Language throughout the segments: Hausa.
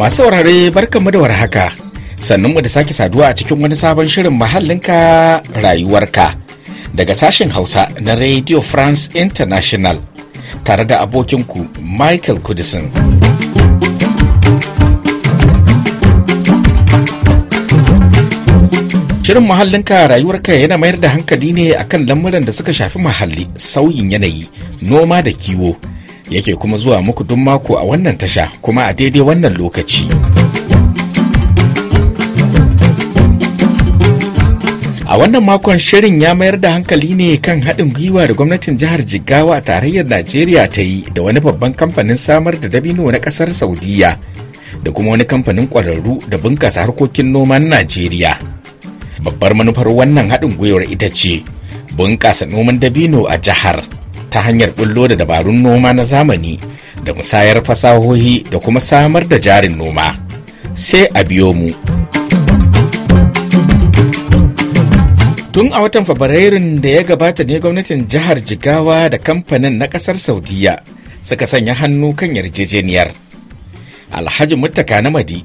Masu saurare barkanmu da warhaka. mu da sake saduwa a cikin wani sabon shirin mahallinka rayuwarka daga sashen Hausa na Radio France International tare da abokinku Michael Kudisin. Shirin muhallinka rayuwarka yana mayar da hankali ne akan lamuran da suka shafi muhalli, sauyin yanayi, noma da kiwo. yake kuma zuwa muku duk mako a wannan tasha kuma a daidai wannan lokaci. A wannan makon shirin ya mayar da hankali ne kan haɗin gwiwa da gwamnatin jihar Jigawa a tarayyar Najeriya ta yi da wani babban kamfanin samar da dabino na ƙasar Saudiya da kuma wani kamfanin ƙwararru da bunƙasa harkokin noman Najeriya. Babbar manufar wannan haɗin gwiwar ita ce bunƙasa noman dabino a jihar. ta hanyar bullo da dabarun noma na zamani da musayar fasahohi da kuma samar da jarin noma sai a biyo mu tun a watan fabrairun da ya gabata ne gwamnatin jihar jigawa da kamfanin na kasar saudiya suka sanya hannu kan yarjejeniyar alhaji muttaka namadi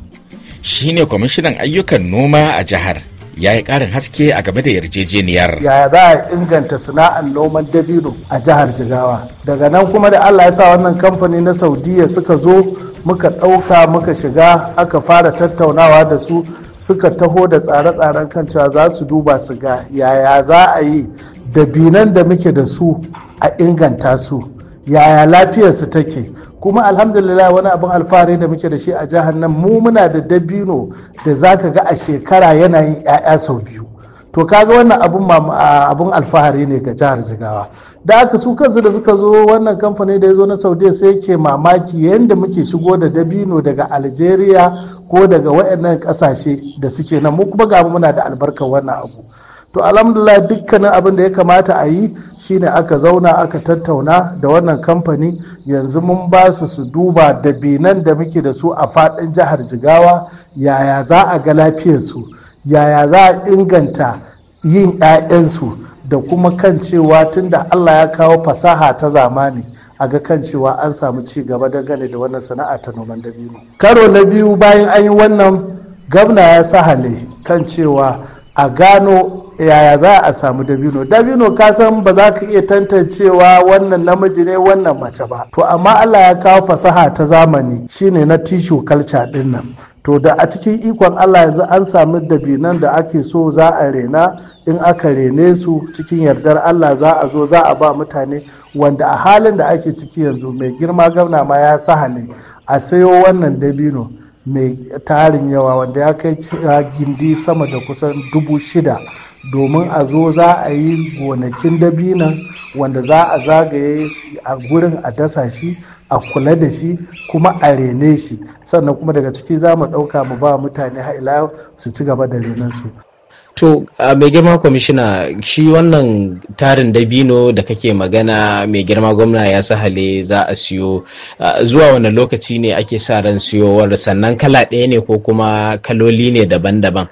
shine kwamishinan ayyukan noma a jihar ya yi ƙarin haske a game da yarjejeniyar. Yaya za a inganta sana'ar noman dabino a jihar Jigawa. Daga nan kuma da Allah ya sa wannan kamfani na Saudiya suka zo muka ɗauka muka shiga aka fara tattaunawa da su suka taho da tsare-tsaren kan cewa za su duba su ga yaya za a yi dabinan da muke da su a inganta su yaya lafiyarsu take kuma alhamdulillah wani abin alfahari da muke da shi a jihar nan mu muna da dabino da zaka ga a shekara yana yin 'ya'ya sau biyu to kaga wannan abun abun alfahari ne ga jihar jigawa da aka su kansu da suka zo wannan kamfani da ya zo na saudiya sai ke mamaki yadda muke shigo da dabino daga algeria ko daga waɗannan ƙasashe da suke nan mu kuma ga muna da albarkar wannan abu to alhamdulillah dukkanin abin da ya kamata a yi shine aka zauna aka tattauna da wannan kamfani yanzu mun ba su su duba dabinan da muke da su a faɗin jihar jigawa yaya za a ga lafiyarsu yaya za a inganta yin 'ya'yansu da kuma kan cewa tunda allah ya kawo fasaha ta zamani a ga kan cewa an samu ci gaba dangane da wannan sana'a ta noman dabino karo na biyu bayan an yi wannan gwamna ya hale kan cewa a gano yaya za a samu dabino dabino ka san ba za ka iya tantancewa wannan namiji ne wannan mace ba to amma allah ya kawo fasaha ta zamani shine na tishu culture din nan to da a cikin ikon allah yanzu an samu dabinan da ake so za a rena in aka rene su cikin yardar allah za a zo za a ba mutane wanda a halin da ake ciki yanzu mai girma gwamna ma ya ne a sayo wannan dabino mai tarin yawa wanda ya kai gindi sama da kusan dubu shida domin a zo za a yi gonakin dabinan wanda za a zagaye a gurin a dasa shi a kula da shi kuma a rene shi sannan kuma daga ciki za mu ɗauka mu ba mutane haila su ci gaba da renensu to a mai girma kwamishina shi wannan tarin dabino da kake magana mai girma gwamna ya sahale za a siyo zuwa wani lokaci ne ake sa ran siyowar sannan kala ɗaya ne ko kuma kaloli ne daban-daban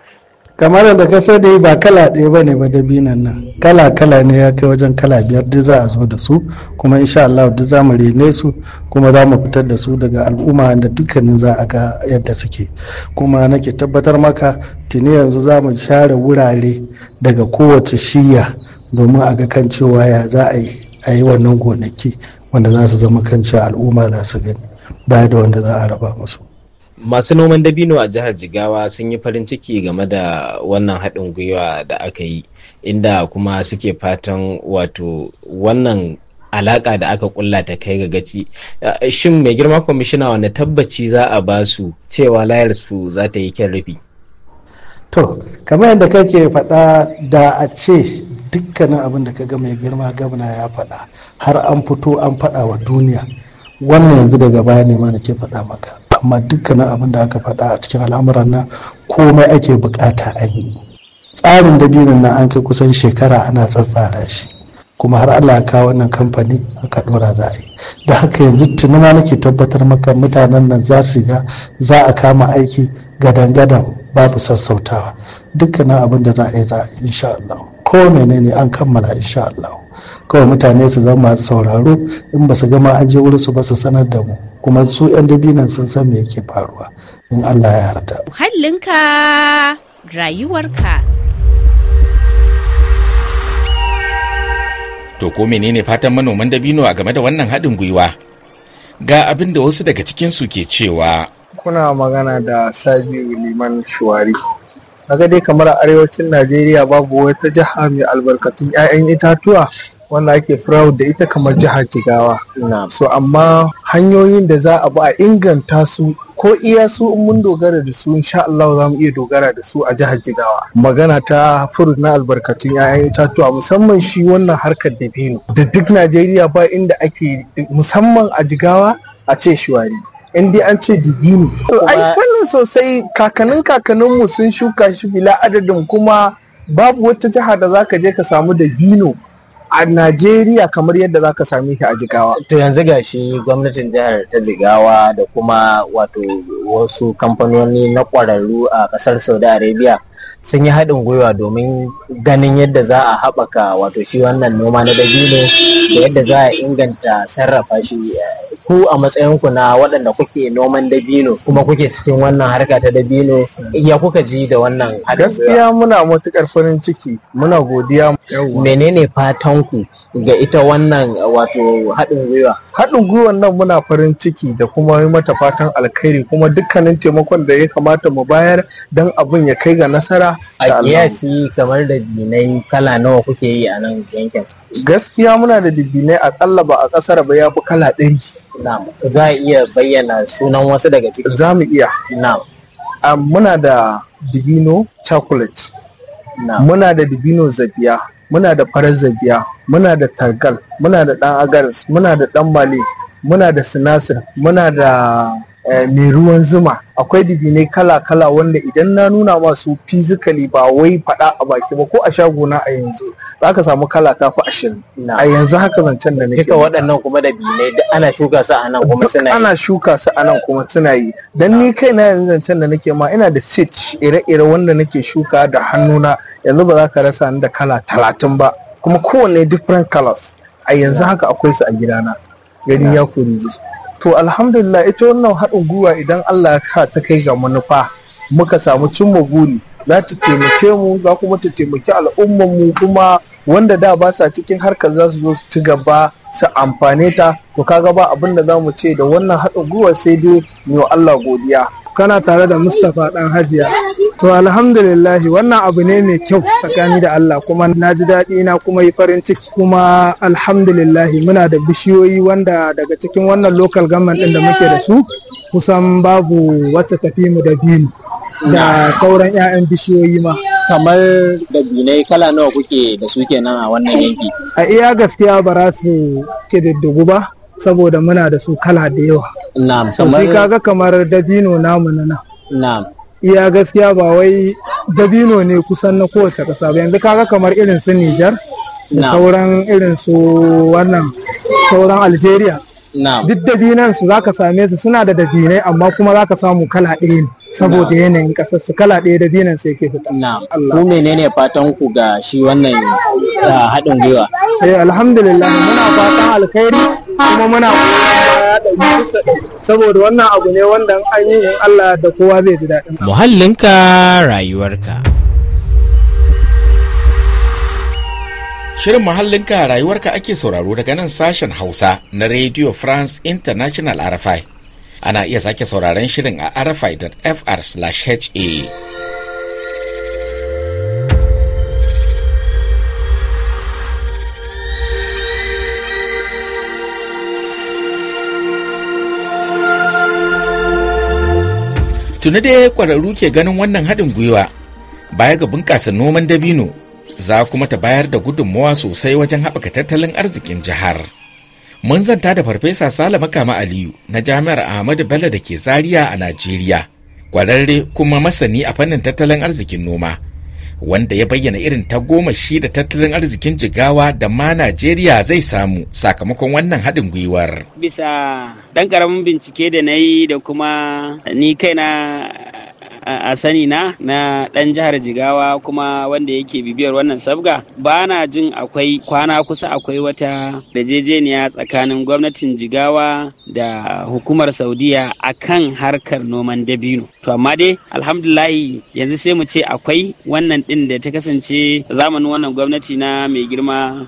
kamar da ka sani ba kala ɗaya ba ne ba dabinan nan kala kala ne ya kai wajen kala biyar duk za a zo da su kuma insha Allah duk za mu rene su kuma za mu fitar da su daga al'umma da dukkanin za a ga yadda suke kuma nake tabbatar maka tuni yanzu za mu share wurare daga kowace shiya domin a ga kan cewa ya za a yi a yi wannan gonaki wanda za su zama kan cewa al'umma za su gani baya da wanda za a raba musu masu noman dabino a jihar jigawa sun yi farin ciki game da wannan haɗin gwiwa da aka yi inda kuma suke fatan wato wannan alaƙa da aka kulla ta kai ga gaci eh, shin mai girma kwamishina wani tabbaci za a ba su cewa layar su za ta yi kyan rufi to kamar yadda kake faɗa da a ce dukkanin abin da ka ga mai girma gabna ya faɗa har an fito an faɗa wa duniya wannan yanzu daga baya ne ma ke faɗa maka amma dukkanin abin da aka faɗa a cikin al'amuran nan komai ake bukata a yi tsarin dabinin na an kai kusan shekara ana tsatsara shi kuma har Allah ka wannan kamfani aka dora za a yi da haka yanzu tuni ma nake tabbatar maka mutanen nan za su ga za a kama aiki gadan-gadan babu sassautawa dukkanin abin da za a yi za a yi insha ko menene an kammala insha kawai mutane su zama masu sauraro in ba su gama an je wurin su ba su sanar da mu kuma su yan dabinan sun san me yake faruwa in Allah ya yarda rayuwar ka. to ko menene fatan manoman dabino a game da wannan haɗin gwiwa ga abin da wasu daga cikin su ke cewa kuna magana da sajiyu liman shuwari kaga dai kamar a arewacin najeriya babu wata jiha mai albarkatun 'ya'yan itatuwa wanda ake fraud da ita kamar jihar jigawa so amma hanyoyin da za a bi a inganta su ko iya su in mun dogara da su insha Allah za mu iya dogara da su a jihar Jigawa magana ta furut na albarkatun 'ya'yan itatuwa musamman shi wannan harkar da da duk Najeriya ba inda ake musamman a Jigawa a ce shiwari in dai an ce dibini. to ai sannan sosai kakannin kakanninmu sun shuka shi bila adadin kuma babu wata jiha da zaka je ka samu dabino a Najeriya kamar yadda zaka ka same shi a Jigawa. To yanzu gashi gwamnatin jihar ta Jigawa da kuma wato wasu kamfanoni na ƙwararru a ƙasar Saudi Arabia sun yi haɗin gwiwa domin ganin yadda za a haɓaka wato shi wannan noma na dabino da yadda za a inganta sarrafa shi eh, ku a matsayin ku na waɗanda kuke noman dabino kuma kuke cikin wannan harka ta dabino ya kuka ji da wannan gaskiya muna matukar farin ciki muna godiya menene fatan ku ga ita wannan wato haɗin gwiwa haɗin gwiwan nan muna farin ciki da kuma yi mata fatan alkhairi kuma dukkanin taimakon da ya kamata mu bayar don abin ya kai ga nasara a kiyasi kamar da dinai kala nawa kuke yi a nan yankin gaskiya muna da dibinai akalla ba a ƙasar ba ya fi kala ɗari za a iya bayyana sunan wasu daga ciki za mu iya muna da dibino chocolate muna da dibino zabiya muna da farar zabiya muna da targal muna da dan agaris muna da dan male muna da sinasir muna da eh, mai ruwan zuma akwai dibinai kala-kala wanda idan na nuna masu fizikali ba wai faɗa a baki ba ko a shagona a yanzu za ka samu kala ta fi ashirin a yanzu haka zancen da nake waɗannan kuma da bine ana shuka su a nan kuma suna yi ana shuka su a nan kuma suna yi Don ni kai na yanzu zancen da nake ma ina da sit ire-ire wanda nake shuka da hannuna yanzu ba za ka rasa ni da kala talatin ba kuma kowane different colors a yanzu haka akwai su a gidana gani ya kori to alhamdulillah ita wannan haɗin gwiwa idan Allah ya ta kai ga manufa muka samu cimma guri za ta taimake mu za kuma ta taimaki al'ummar mu kuma wanda da ba sa cikin harkar za su zo su ci gaba su amfane ta to kaga ba abin da za mu ce da wannan haɗin gwiwa sai dai mu Allah godiya kana tare da mustapha dan hajiya to alhamdulillahi wannan abu ne mai kyau tsakani da allah kuma na ji daɗi na kuma yi farin ciki kuma alhamdulillahi muna da bishiyoyi wanda daga cikin wannan local government ɗin da muke da su kusan babu wacce tafi mu da biyu da sauran 'ya'yan bishiyoyi ma kamar da dabinai kala nawa kuke da su kenan a wannan yanki a iya gaskiya ba za su ke ba saboda muna da su kala da yawa na'am kamar kaga kamar dabino namu na nan na'am iya gaskiya ba wai dabino ne kusan na kowace ƙasa ba yanzu kaga kamar irin su Nijar da sauran irin su wannan sauran Algeria duk dabinan su zaka same su suna da dabinai amma kuma zaka samu kala ɗaya ne saboda yanayin ƙasar su kala ɗaya dabinan su yake fita ku menene fatan ku ga shi wannan ah, haɗin gwiwa eh alhamdulillah muna fatan alkhairi kuma muna saboda wannan abu ne wanda an yi in Allah da kowa zai ji daɗin muhallinka rayuwarka Shirin muhallinka rayuwarka ake sauraro daga nan sashen Hausa na Radio France International RFI. Ana iya sake sauraron shirin a rfi.fr/ha. tuni dai kwararru ke ganin wannan haɗin gwiwa baya ga bunƙasa noman dabino za kuma ta bayar da gudunmawa sosai wajen haɓaka tattalin arzikin jihar. Mun zanta da Farfesa Sale Makama Aliyu na Jami'ar Ahmadu Bello da ke Zariya a Najeriya, kwararre kuma masani a fannin tattalin arzikin noma. wanda ya bayyana irin ta goma shi da tattalin arzikin jigawa da ma najeriya zai samu sakamakon wannan haɗin gwiwar bisa ɗan ƙaramin bincike da na yi da kuma ni kaina a sani na na ɗan jihar Jigawa kuma wanda yake bibiyar wannan sabga ba na jin akwai kwana kusa akwai wata yarjejeniya tsakanin gwamnatin Jigawa da hukumar Saudiya akan harkar noman dabino. To amma dai alhamdulahi yanzu sai mu ce akwai wannan ɗin da ta kasance zamanin wannan gwamnati na mai girma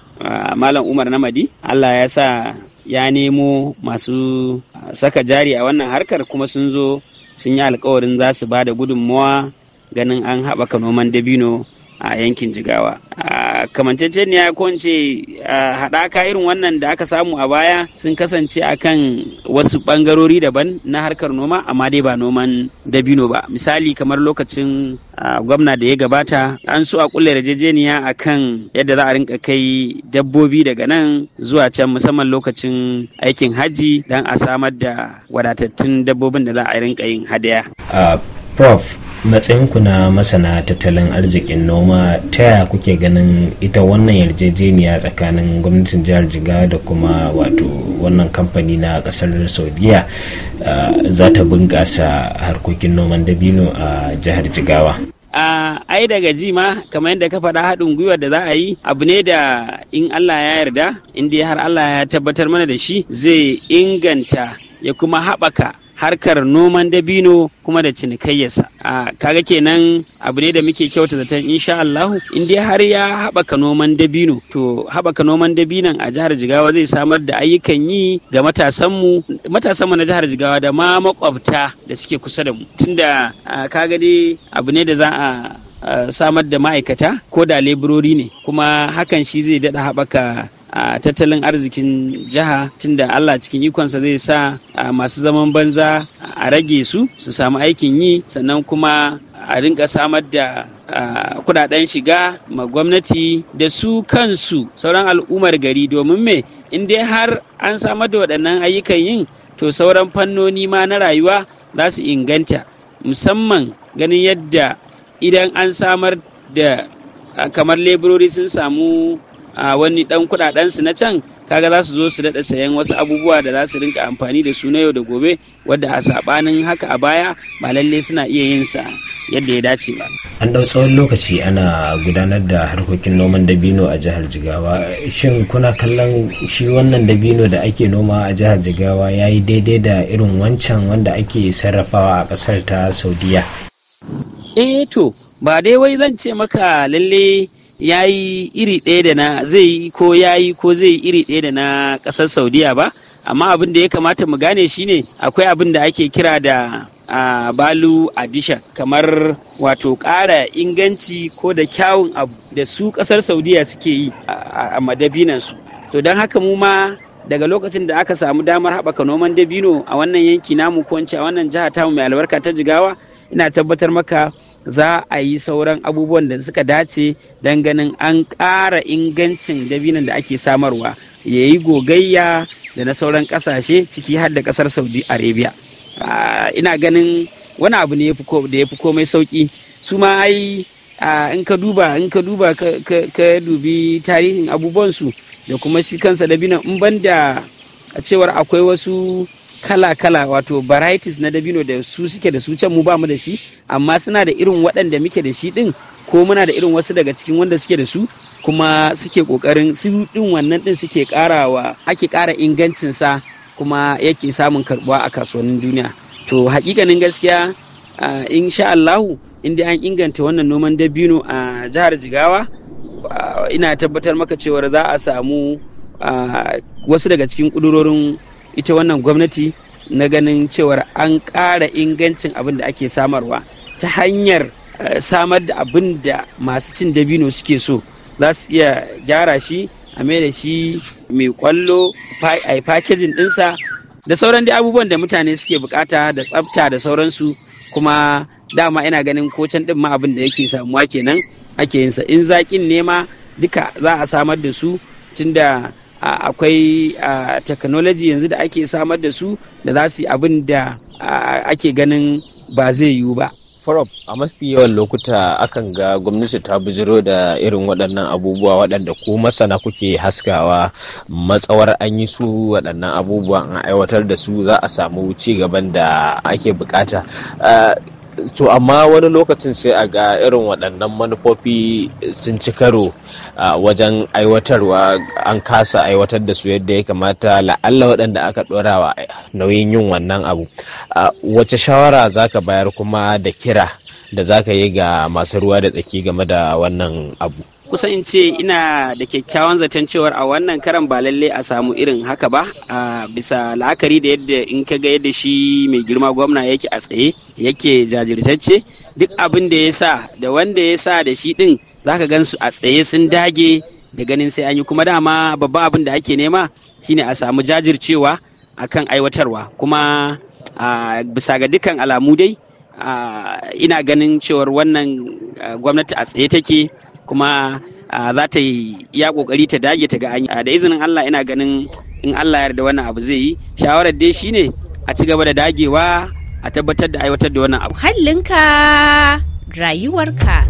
Malam Umar Namadi. Allah ya sa ya nemo masu saka jari a wannan harkar kuma sun zo sun yi alkawarin za su ba da gudunmawa ganin an haɓaka noman dabino a yankin jigawa a kamanceceniya ko haɗaka irin wannan da aka samu a baya sun kasance akan wasu ɓangarori daban na harkar noma amma dai ba noman dabino ba misali kamar lokacin gwamna da ya gabata an so a kulle yarjejeniya kan yadda za a rinka kai dabbobi daga nan zuwa can musamman lokacin aikin hajji don a samar da wadatattun dabbobin da za a rinka yin hadaya prof matsayinku na masana tattalin arzikin noma ta yaya kuke ganin ita wannan yarjejeniya tsakanin gwamnatin jihar jiga da kuma wato wannan kamfani na kasar saudiya za ta bunƙasa harkokin noman dabino a jihar jigawa a ai daga ji ma kamar yadda ka faɗa haɗin gwiwa da za a yi abu ne da in Allah ya yarda in har Allah ya tabbatar mana da shi zai inganta ya kuma haɓaka harkar noman dabino kuma da cinikayyarsa a kaga kenan abu ne da muke kyauta zaton insha Allahu in dai har ya haɓaka noman dabino to haɓaka noman dabinon a jihar Jigawa zai samar da ayyukan yi ga matasanmu matasanmu na jihar Jigawa da ma makwabta da suke kusa da mu tunda kaga dai abu ne da za a samar da ma'aikata ko da leburori ne kuma hakan shi zai dada haɓaka a tattalin arzikin jiha tunda Allah cikin ikonsa zai sa masu zaman banza a rage su su samu aikin yi sannan kuma a rinka samar da kudaden shiga ma gwamnati da su kansu sauran al'ummar gari domin me in dai har an samar da waɗannan ayyukan yin to sauran fannoni ma na rayuwa za su inganta musamman ganin yadda idan an samar da kamar leburori sun samu a wani dan kudaden su na can kaga za su zo su daɗa sayan wasu abubuwa da za su rinka amfani da su na yau da gobe wadda a sabanin haka a baya ba lalle suna iya yin sa yadda ya dace ba an ɗau tsawon lokaci ana gudanar da harkokin noman dabino a jihar jigawa shin kuna kallon shi wannan dabino da ake noma a jihar jigawa ya yi daidai da irin wancan wanda ake sarrafawa a ƙasar ta saudiya eh to ba dai wai zan ce maka lalle ya yi iri ɗaya da na zai yi ko ya yi ko zai yi iri ɗaya da na ƙasar saudiya ba amma abin da ya kamata mu gane shine akwai abin da ake kira da a balu addition kamar wato ƙara inganci ko da kyawun abu da su ƙasar saudiya suke yi a madabinansu to don haka mu ma daga lokacin da aka samu damar haɓaka noman dabino a wannan yanki namu ko a wannan jiha tamu mai albarka ta jigawa ina tabbatar maka za a yi sauran abubuwan da suka dace don ganin an ƙara ingancin dabinon da ake samarwa ya yi gogayya da na sauran ƙasashe ciki har da ƙasar saudi arabia ah, ina ganin wani abu ne da ya fi komai sauƙi su ma ai ah, in ka duba in ka duba ka dubi tarihin abubuwansu da kuma shi kansa dabino, in ban da a cewar akwai wasu kala-kala wato varieties na dabino da su suke da su can mu ba mu da shi amma suna da irin waɗanda muke da shi ɗin ko muna da irin wasu daga cikin wanda suke da su kuma suke ƙoƙarin su ɗin wannan ɗin suke ƙarawa ake ƙara ingancinsa kuma yake samun karɓuwa a kasuwannin duniya to haƙiƙanin gaskiya insha Allahu inda an inganta wannan noman dabino a jihar Jigawa Ah, ina tabbatar maka cewar za a samu ah, wasu daga cikin kudurorin ita wannan gwamnati na ganin cewar an ƙara ingancin abin da ake samarwa ta hanyar eh, samar da abin da masu cin dabino suke so za su iya gyara shi a mai da shi mai kwallo a fakejin ɗinsa da sauran da abubuwan da mutane suke bukata da tsafta da sauransu kuma dama ina ganin kocan din ma abin da yake samuwa kenan ake yinsa in zaƙin nema duka za a samar da su tunda akwai technology yanzu da ake samar da su da za su abin da ake ganin ba zai yiwu ba Farab, a mafi yawan lokuta akan ga gwamnati ta bujiro da irin waɗannan abubuwa waɗanda ko masana kuke haskawa matsawar an yi su waɗannan abubuwa in aiwatar da su za a samu ci gaban da ake bukata. to amma wani lokacin sai a ga irin waɗannan manufofi sun ci karo wajen aiwatarwa an kasa aiwatar da su yadda ya kamata la'alla waɗanda aka ɗorawa nauyin yin wannan abu wace shawara za ka bayar kuma da kira da za ka yi ga masu ruwa da tsaki game da wannan abu kusa in ce ina da kyakkyawan zaton cewar a wannan karan ba lalle a samu irin haka ba a bisa la'akari da yadda in ka ga yadda shi mai girma gwamna yake a tsaye yake jajirtacce duk abin da ya sa da wanda ya sa da shi din zaka gan su a tsaye sun dage da ganin sai an yi kuma dama babban abin da ake nema shine a samu jajircewa akan aiwatarwa kuma a bisa ga dukkan alamu dai ina ganin cewar wannan gwamnati a tsaye take kuma za ta yi ya kokari ta dage ta ga da izinin Allah ina ganin in Allah yarda wannan abu zai yi shawarar dai shine a ci gaba da dagewa a tabbatar da aiwatar da wannan abu hallinka rayuwarka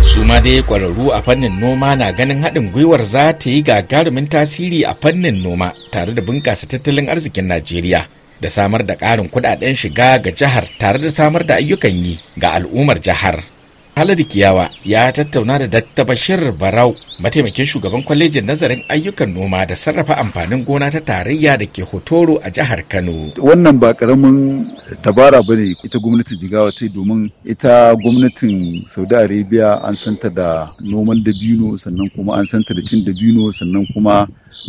su ma dai kwararru a fannin noma na ganin haɗin gwiwar za ta yi gagarumin tasiri a fannin noma tare da bunkasa tattalin arzikin najeriya da samar da ƙarin kuɗaɗen shiga ga jihar tare da samar da ayyukan yi ga al'ummar jihar Haladu Kiyawa ya tattauna da Dr. Bashir Barau, mataimakin shugaban kwalejin nazarin ayyukan noma da sarrafa amfanin gona ta tarayya da ke Hotoro a jihar Kano. Wannan ba karamin dabara bane ita gwamnatin Jigawa ta domin ita gwamnatin Saudi Arabia an santa da noman dabino sannan kuma an santa da cin dabino sannan kuma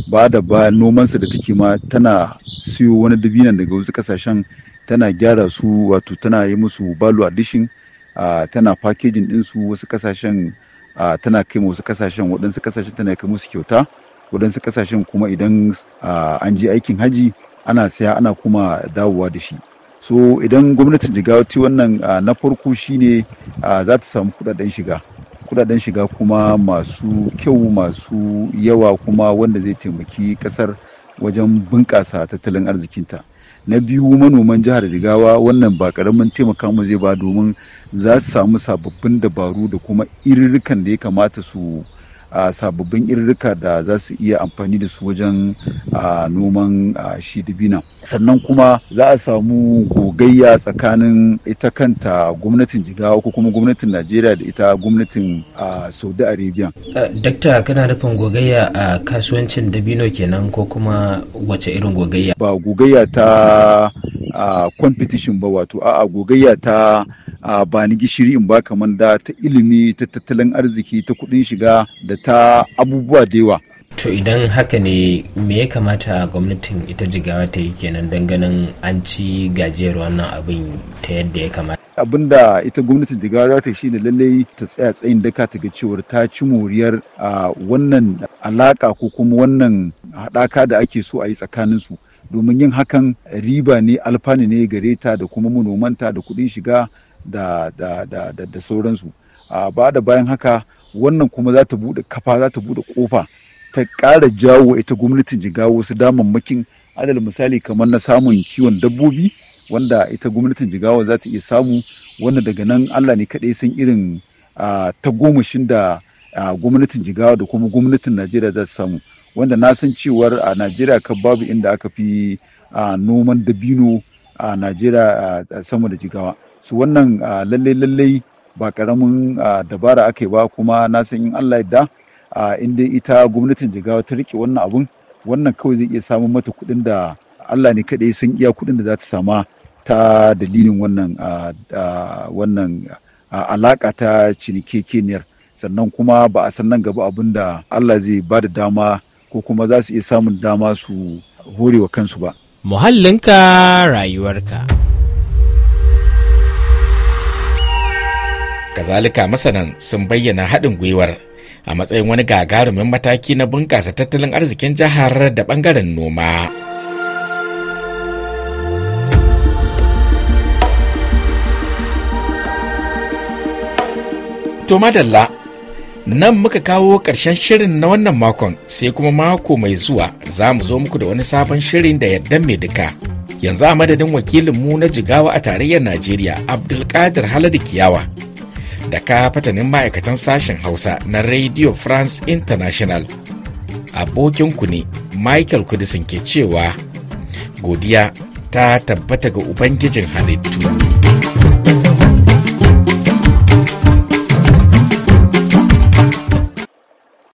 ba da ba nomansa da take ma tana siyo wani dabinan daga wasu kasashen tana gyara su wato tana yi musu balu addition tana fakejin ɗinsu wasu kasashen tana kai wasu kasashen waɗansu kasashen tana kai musu kyauta waɗansu kasashen kuma idan an je aikin haji ana saya ana kuma dawowa da shi so idan gwamnatin jigawa ta wannan na farko shine za ta samu kudaden shiga kudaden shiga kuma masu kyau masu yawa kuma wanda zai taimaki kasar wajen bunƙasa tattalin arzikinta na biyu manoman jihar jigawa wannan ba karamin taimaka mu zai ba domin za su samu sababbin dabaru da kuma irirrikan da ya kamata su a sababbin irirrika da za su iya amfani da su wajen noman shi dibina sannan kuma za a samu gogayya tsakanin ita kanta gwamnatin jigawa ko kuma gwamnatin najeriya da ita gwamnatin saudi arabia dakta kana nufin gogayya a kasuwancin dabino kenan ko kuma wace irin gogayya ba gogayya ta competition ba wato a'a gogayya ta a ba ni gishiri in baka manda ta ilimi ta tattalin arziki ta kuɗin shiga da ta abubuwa da yawa to idan haka ne me ya kamata gwamnatin ita jigawa ta yi kenan don ganin an ci gajiyar wannan abin ta yadda ya kamata abin da ita gwamnatin jigawa za ta shine lallai ta tsaya tsayin daka ta ga cewar ta ci moriyar a wannan alaka ko kuma wannan haɗaka da ake so a yi tsakanin su domin yin hakan riba ne alfani ne gare ta da kuma manomanta da kuɗin shiga da da da da, da sauransu a ba da bayan haka wannan kuma za ta bude kafa za ta bude kofa ta kara jawo ita gwamnatin jigawa wasu damammakin adal. misali kamar na samun kiwon dabbobi wanda ita gwamnatin jigawa za ta iya samu wanda daga nan allah ne kaɗai san irin tagomashin da gwamnatin jigawa da kuma gwamnatin najeriya za ta samu wanda na san cewar a najeriya kan babu inda aka fi noman dabino a najeriya sama da jigawa su wannan lallai ah, lallai ba karamin ah, dabara aka ba kuma na san in Allah yadda ah, in dai ita gwamnatin jigawa ta rike wannan abun wannan kawai zai iya samun mata kuɗin da Allah ne kaɗai san iya kuɗin da za ta sama ta dalilin wannan wannan alaƙa ta cinikekeniyar sannan kuma ba a san nan gaba abin da Allah zai ba da dama ko kuma za su iya samun dama su hore wa kansu ba. Muhallinka rayuwarka. kazalika masanan sun bayyana haɗin gwiwar a matsayin wani gagarumin mataki na bunƙasa tattalin arzikin jihar da ɓangaren noma. To madalla nan muka kawo ƙarshen shirin na wannan makon sai kuma mako mai zuwa za mu zo muku da wani sabon shirin da yadda mai duka. Yanzu a madadin wakilinmu na jigawa a tarayyar Najeriya Abdulkadir Haladu Kiyawa. da ka fatanin ma'aikatan sashen Hausa na Radio France International. Abokinku ne Michael Kudisin ke cewa, Godiya ta tabbata ga Ubangijin halittu.